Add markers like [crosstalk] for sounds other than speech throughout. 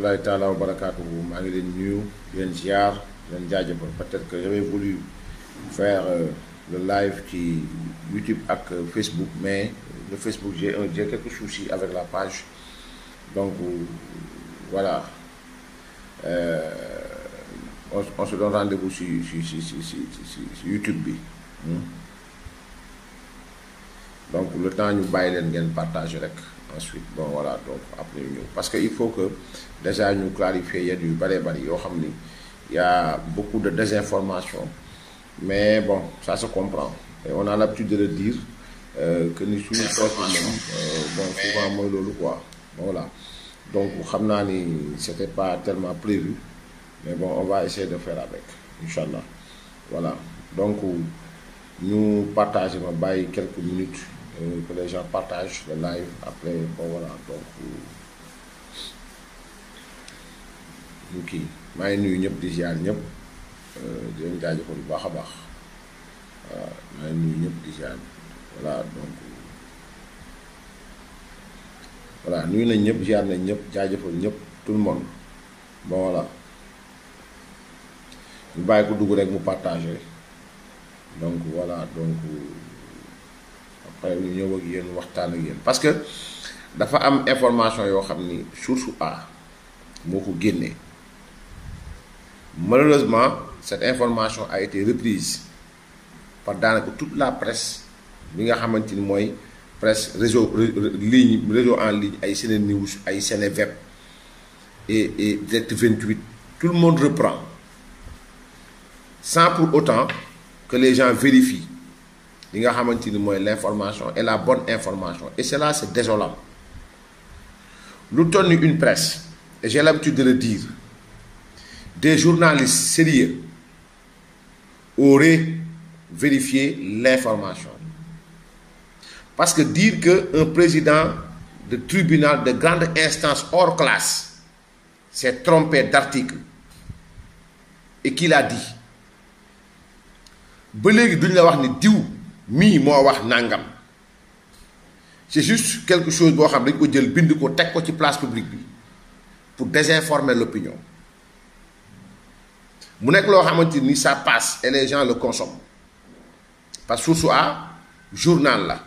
là taala wa barakatuhu manuel ngi leen nuyu ziar len jaajëfal peut-être que j'avais voulu faire euh, le live qui YouTube ak Facebook mais le Facebook j'ai un quelques soucis avec la page donc euh, voilà euh, on, se donne rendez-vous sur sur sur sur YouTube bi. Hmm? donc le temps nous bàyyi leen ngeen partage ensuite bon voilà donc après nous. parce qu'il faut que déjà nous clarifions. Il y a du balai-balai, il y a beaucoup de désinformation mais bon ça se comprend et on a l'habitude de le dire euh, que nous sommes proche euh, bon souvent moi, le quoi bon, voilà donc xam c'était pas tellement prévu mais bon on va essayer de faire avec Inch'Allah. voilà donc nous partageons quelques minutes euh, que les gens partagent le live après. voilà, donc. nous euh, kii nous di ziar euh, di nous bu voilà donc voilà nous les tout le monde voilà Nous ko rek partagé donc voilà donc parce que dafa am information yo xamni source A malheureusement cette information a été reprise par toute la presse bi nga presse réseau en ligne ay Sene News ay web et et 28 tout le monde reprend sans pour autant que les gens vérifient l'information et la bonne information et cela c'est désolant lu une presse et j'ai l'habitude de le dire des journalistes sérieux auraient vérifié l'information parce que dire qu'un président de tribunal de grande instance hors classe s'est trompé d'article et qu'il a dit mi moo wax nangam c'est juste quelque chose boo xam dañ ko jël bind ko teg ko ci place publique bi pour désinformer l'opinion mu nekk loo xamante ni ça passe et les gens le consomment parce que source a journal la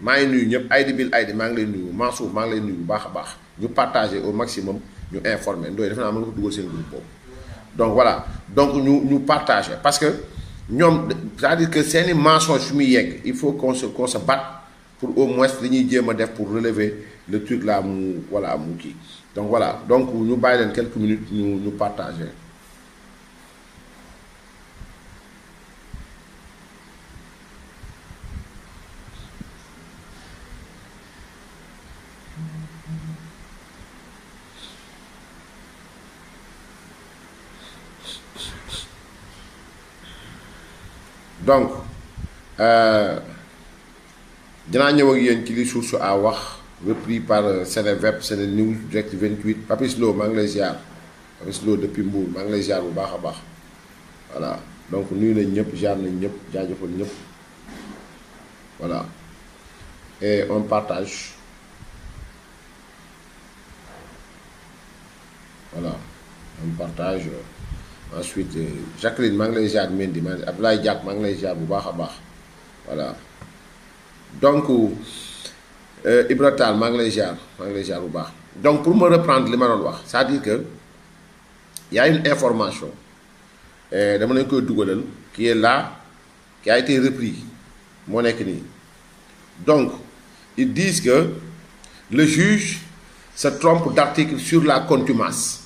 maa ngi nuyu ñëpp Aïdi Bil Aïdi maa ngi lay nuyu Mansour maa ngi lay nuyu bu baax a baax ñu partager au maximum ñu informer ndooy defe naa mën nga ko dugal seen groupe boobu donc voilà donc ñu ñu partager parce que c'est-à-dire que c'est une mensonge il faut qu'on se qu'on se batte pour au moins se réunir pour relever le truc là voilà donc voilà donc ñu bàyyi quelques minutes nous partageons donc je euh, ñëw ak yeen ci li source a wax repris par Cene euh, Senenews Direct 28 Papis Lo maa ngi lay ziar Papis Lo depuis Mbour maa ngi lay ziar bu baax a baax voilà donc nuy nañ ñëpp ziar nañ ñëpp jaajëfal ñëpp voilà et on partage voilà on partage ensuite euh, Jacqueline maa ngi Mendy maa Abdoulaye bu voilà donc euh Tall maa Jar lay Jar donc pour me reprendre les ma ça wax c'est-à-dire que y a une information euh, dama que ko qui est là qui a été repris mo nek donc ils disent que le juge se trompe d'article sur la contumace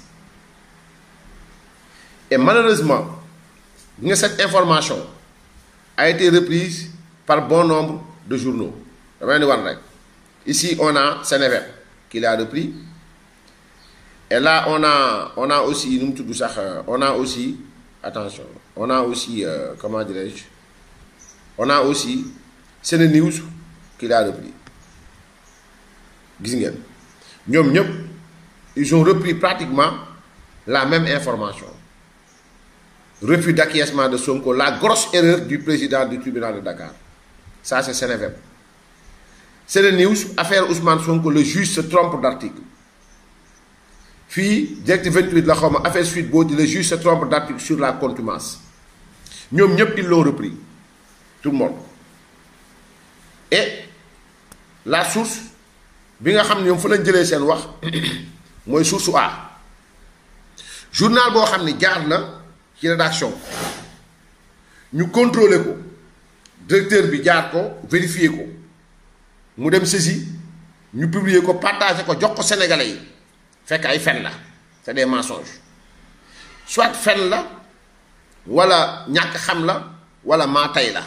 et malheureusement, cette information a été reprise par bon nombre de journaux. Ici, on a Sénévert qui l'a repris. Et là, on a, on a aussi, euh, on a aussi, attention, on a aussi, euh, comment dirais-je, on a aussi Sénénews qui l'a repris. Ils ont repris pratiquement la même information refus d'acquiescement de Sonko, la grosse erreur du président du tribunal de Dakar. Ça, c'est Sénévem. C'est le news, affaire Ousmane Sonko, le juge se trompe d'article. Puis, direct 28 la Rome, affaire suite Baudi, le juge se trompe d'article sur la contumace. Nous, ils l'ont repris. Tout le monde. Et la source, bi nga xam ne ñoom lañ jëlee wax [coughs] source A journal boo xam ne est rédaction ñu contrôler ko directeur bi jaar ko vérifier ko mu dem nous ñu publier ko partager ko jox ko sénégalais yi fekk ay fen c'est des mensonges soit fen la wala ñàkk xam la wala ma tay la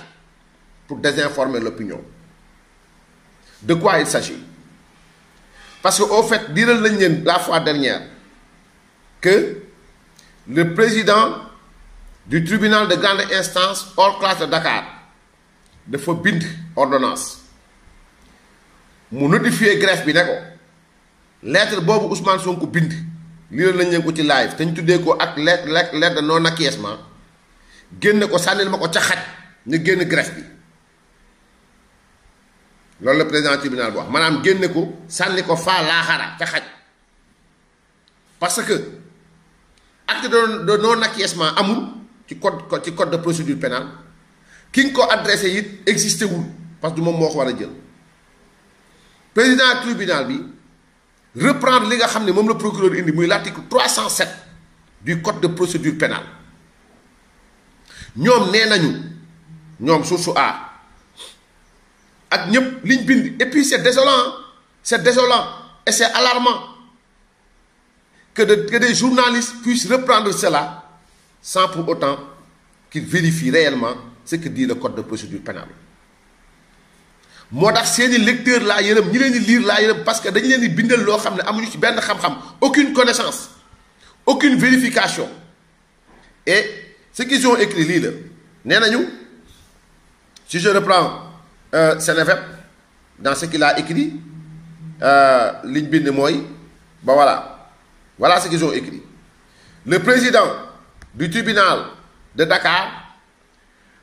pour désinformer l'opinion de quoi il s'agit parce que au fait dire lañ la fois dernière que le président du tribunal de grande instance hors classe de Dakar dafa bind ordonnance mu notifier greffe bi neko lettre Bob Ousmane Sonko bind lii la nañ ko ci live te tuddé ko ak lettre lettre de non acquiescement génne ko sànnil mako ci ca xaj le président greffe bi lolou le président tribunal wax manam génne ko sànni ko la xara ci xaj parce que acte de non acquiescement amul ci code code de procédure pénale Qui nga ko adressé it existé parce que moom moo ko war a jël président tribunal bi reprendre li nga procureur indi l'article 307 du code de procédure pénale ñoom nee nañu ñoom source A ak ñëpp liñ bind et puis c'est désolant c'est désolant et c'est alarmant que des journalistes puissent reprendre cela sans pour autant qu'il vérifie réellement ce que dit le code de procédure pénale Moi, tax seeni lecteur je suis ñi leen lire parce que dañu leen di bindal loo xam ne amuñu ci benn xam-xam aucune connaissance aucune vérification et ce qu'ils ont écrit c'est la si je reprends euh, dans ce qu'il a écrit euh, liñ de mooy ba voilà voilà ce qu'ils ont écrit le président du tribunal de Dakar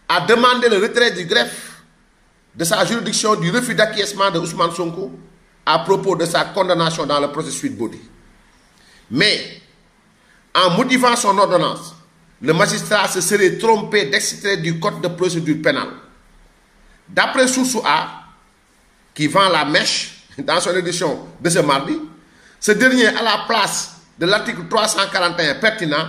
a demandé le retrait du greffe de sa juridiction du refus d'acquiescement de Ousmane Sonko à propos de sa condamnation dans le processus de body. Mais, en motivant son ordonnance, le magistrat se serait trompé d'extrait du code de procédure pénale. D'après Soussou A, qui vend la mèche dans son édition de ce mardi, ce dernier, à la place de l'article 341 pertinent,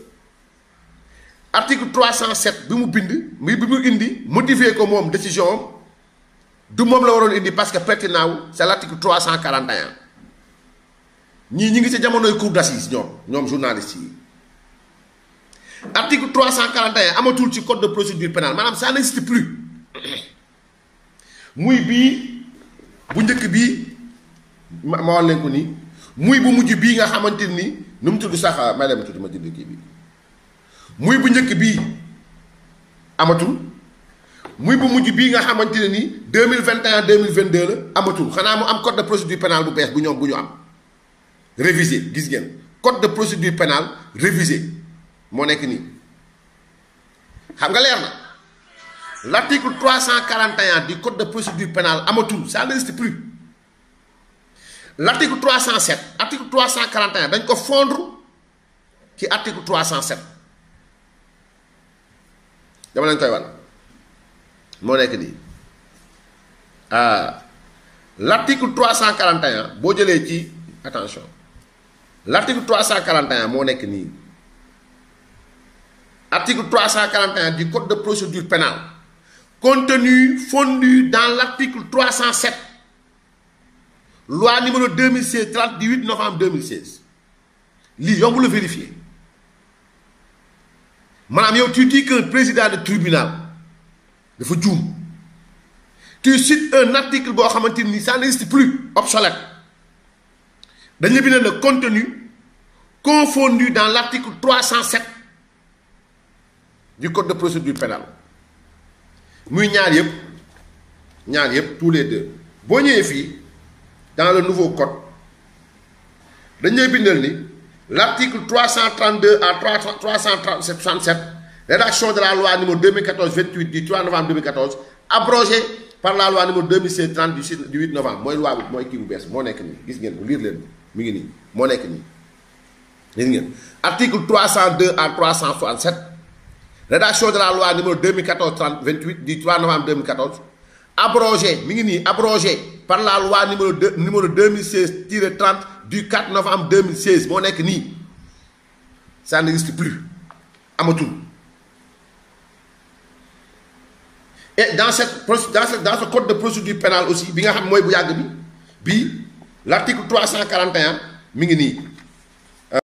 article 307 bi mu bind mi bi mu indi modifier ko mom décision du mom la waroon indi parce que pertinent c'est l'article 341 ñii ñi ngi ci jamonoy cour d'assises ñom ñom journalistes yi article 341 amatul ci code de procédure pénale manam ça n'existe plus muy bi bu njëkk bi ma ma wax leen ko ni muy bu mujj bi nga xamanteni ni tuddu mu tudd sax ah, may ma ma bi muy bu bi bii amatul muy bu mujj bi nga xamanteni ne 2021 2022 la mu am code de procédure pénale bu bees bu ñoo bu ñu am révisé gis ngeen code de procédure pénale révisé moo nekk ni xam nga leer du code de procédure pénale amatul ça n'existe plus L'article 307, l'article article 341, dañ ko fondre ci article 307. Ah, l'article 341 attention l'article 341 mon article 341 du code de procédure pénale contenu fondu dans l'article 307 loi numéro 2016 38 novembre 2016 lii vous le vérifier Madame, tu dis le président de tribunal de juum tu cites un article qui ça n'existe plus obsolète y a le contenu confondu dans l'article 307 du code de procédure pénale Il ñaar a tous les deux Bonne ñëwee fi dans le nouveau code a bindal ni L'article 332 à 337 rédaction de la loi numéro 2014-28 du 3 novembre 2014, abrogée par la loi numéro 2016-30 du 8 novembre mon loi moi qui vous bu bees moo nekk gis lire je article 302 à 367 rédaction de la loi numéro 2014-30-28 du 3 novembre 2014 abrogé, mi par la loi numéro numéro 2016-30 du 4 novembre 2016 mon nek ça n'existe plus amatul et dans cette dans ce dans ce code de procédure pénale aussi bi nga xam bu l'article 341 mi